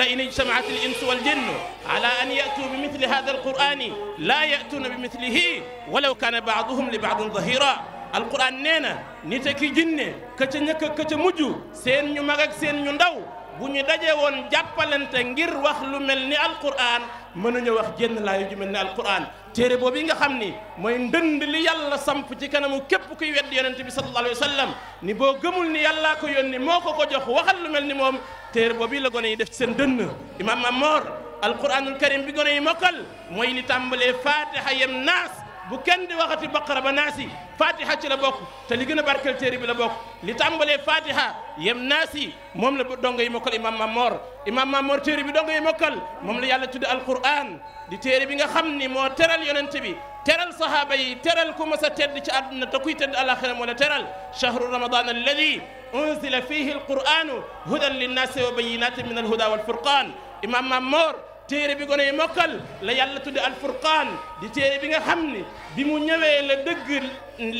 لئن اجتمعت الإنس والجن على أن يأتوا بمثل هذا القرآن لا يأتون بمثله ولو كان بعضهم لبعض ظهيرا القرآن نينا نتكي nit كتنك كتمجو سين ka سين ñëkk bu ñu dajee woon jàppalante ngir wax lu mel ni alquran mënuñu wax jenn laayu ju mel ni alquran téere boobu yi nga xam ni mooy ndënd li yàlla samp ci kanamu képp kuy wedd yonente bi sallallahu alayhi wa sallam ni boo gëmul ni yàllaa ko yónni moo ko ko jox waxal lu mel ni moom téere boobu yi la gon yi def ci seen dënn imaam Mamor alquranul karim bi gone yi mokkal mooy ni tàmbalee fatiha yem naas bu kenn di waxati baqara ba naasi fatiha ci la bokk te li gën a barkeel téere bi la bokk li tàmbalee fatiha yem naasi moom la dongo yi mokkal imam mamor imam mamor téere bi dongo yi mokkal moom la yàlla tudde alquran di téere bi nga xam ni moo teral yonente bi teral sahaaba yi teral ku mas a tedd ci àdduna te kuy tedd alaxira moo la teral chahru ramadan alladi unzila fihi alquranu hudan linnaasi wa bayinatin min alhuda walfurqan imam mamor téere bi gone yi mokkal la yàlla tudde alfurqaan di téere bi nga xam ni bi mu ñëwee la dëgg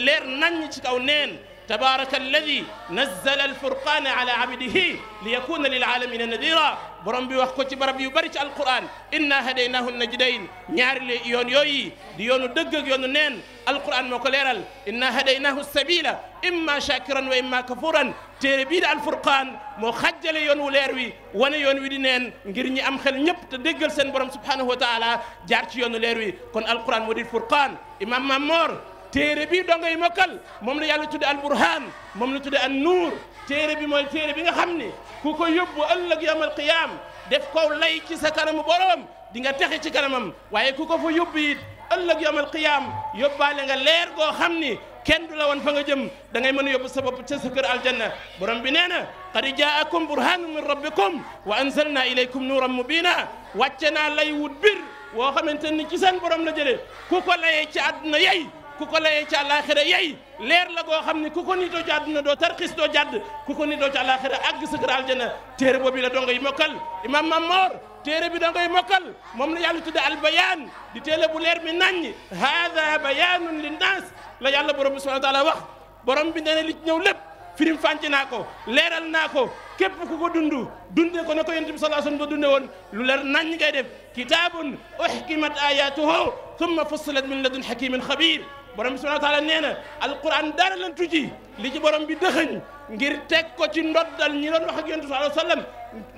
leer naññ ci kaw neen تبارك الذي نزل الفرقان على عبده ليكون للعالمين نذيرا برمبي وحكوتي بربي يبرج القران انا هديناه النجدين نيار يون يوي ديون دغ يون نين القران مكليرال انا هديناه السبيل اما شاكرا واما كفورا تربيد الفرقان مخجل يون ليروي وانا يون ودي نين غير ني ام خيل نيب تدغل سن برم سبحانه وتعالى جارتي يون ليروي كون القران مودي الفرقان امام مامور téere bii dongo yi mokkal moom la yàlla tudde alburhaan moom la tudde an nuur téere bi mooy téere bi nga xam ni ku ko yóbbu ëllëg yawmal qiyaam def ko lay ci sa kanamu boroom di nga texe ci kanamam waaye ku ko fa yóbbu it ëllëg yawmal qiyaam yóbbaale nga leer goo xam ni kenn du la woon fa nga jëm da ngay mën a yóbbu sa bopp ca sa kër aljanna borom bi nee na qad jaakum burhanun min rabbikum wa anzalna ilaykum nuuran mubina wàcce naa lay wut bir woo xamante ni ci seen borom la jëlee ku ko ci àdduna yey ku ko layee ci àllaaxira yey leer la goo xam ne ku ko nitoo ci àdduna tarxis doo jàdd ku ko nitoo ci àllaaxira àgg sëkkër aljana téere boobu la dongoy mokkal imam Mamor téere bi dongoy mokkal moom la yàlla tudde albayaan di téele bu leer bi naññ haada bayaanun linnaas la yàlla borom bi subhaana taala wax borom bi nee na li ci ñëw lépp firim fànc naa ko leeral naa ko képp ku ko dund dundee sallallahu alayhi wasallam ko dunde woon lu leer naññ ngay def kitaabun uhkimat ayatuhu thumma fussilat min ladun hakimin xabir borom bi subhanahu wa taala nee na alquran dara lan tuji li ci borom bi dëxëñ ngir teg ko ci ndoddal ñi doon wax ak yonent sallallahu alayhi wa sallam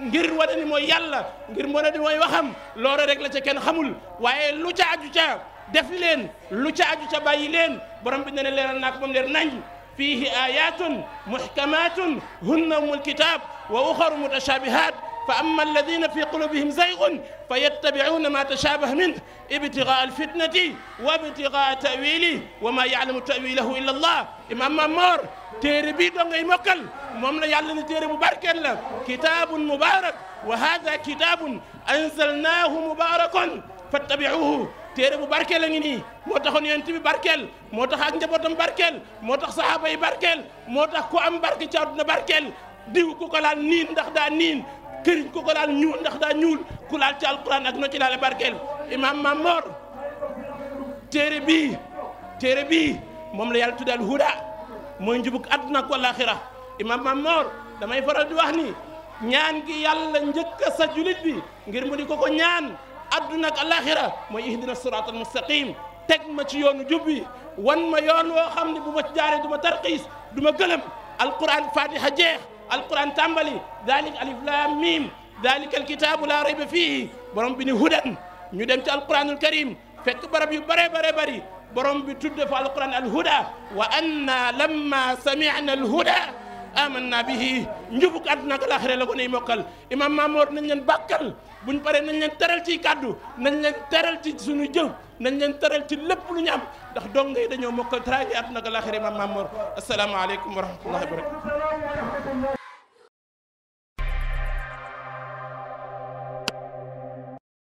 ngir wane mooy yàlla ngir wane ni mooy waxam loolu rek la ca kenn xamul waaye lu ca aju ca def leen lu ca aju ca bàyyi leen borom bi nee na leeral naa ko moom leer nañ fiihi ayatun muhkamatun hunna umul kitab wa uxaru mutashabihat فأما الذين في قلوبهم زيغ فيتبعون ما تشابه منه ابتغاء الفتنة وابتغاء تأويله وما يعلم تأويله إلا الله إمام مامور تيري بيدون غي مقل مملا يعلن تيري مبارك كتاب مبارك وهذا كتاب أنزلناه مبارك فاتبعوه تيري مبارك لنيني موتخون ينتبي باركل موتخ أجنب بوتم باركل موتخ صحابي باركل موتخ كوام باركي تشاردنا باركل ديو كوكالا نين دخدا نين këriñ ku ko laal ñuul ndax daa ñuul ku laal ci alquran ak noo ci laale barkeel imam Mamor téere bii téere bii moom la yàlla tuddal huda mooy njubug àdduna ak walaxira imam Mamor damay faral di wax ni ñaan gi yàlla njëkk a julit bi ngir mu di ko ko ñaan àdduna ak mooy ihdina sirat al teg ma ci yoonu jub bi wan ma yoon woo xam ne bu ma ci jaaree du ma tarxiis du ma gëlëm alquran fatiha jeex alquran tàmbali daalika alif laam miim daalika alkitaabu laa rayba fiihi borom bi ni hudan ñu dem ci alquranul karim fekk barab yu bare bare bari borom bi tudde fa alquran alhuda wa anna lamma sami'na alhuda amanna bihi njubuk àdduna ak laaxira la ko nay mokkal imam Mamour nañ leen bàkkal buñ paree nañ leen teral ci kàddu nañ leen teral ci suñu jëw nañ leen teral ci lépp lu ñu am ndax donga yi dañoo mokkal teraange àdduna ak laaxira imam Mamour asalaamaaleykum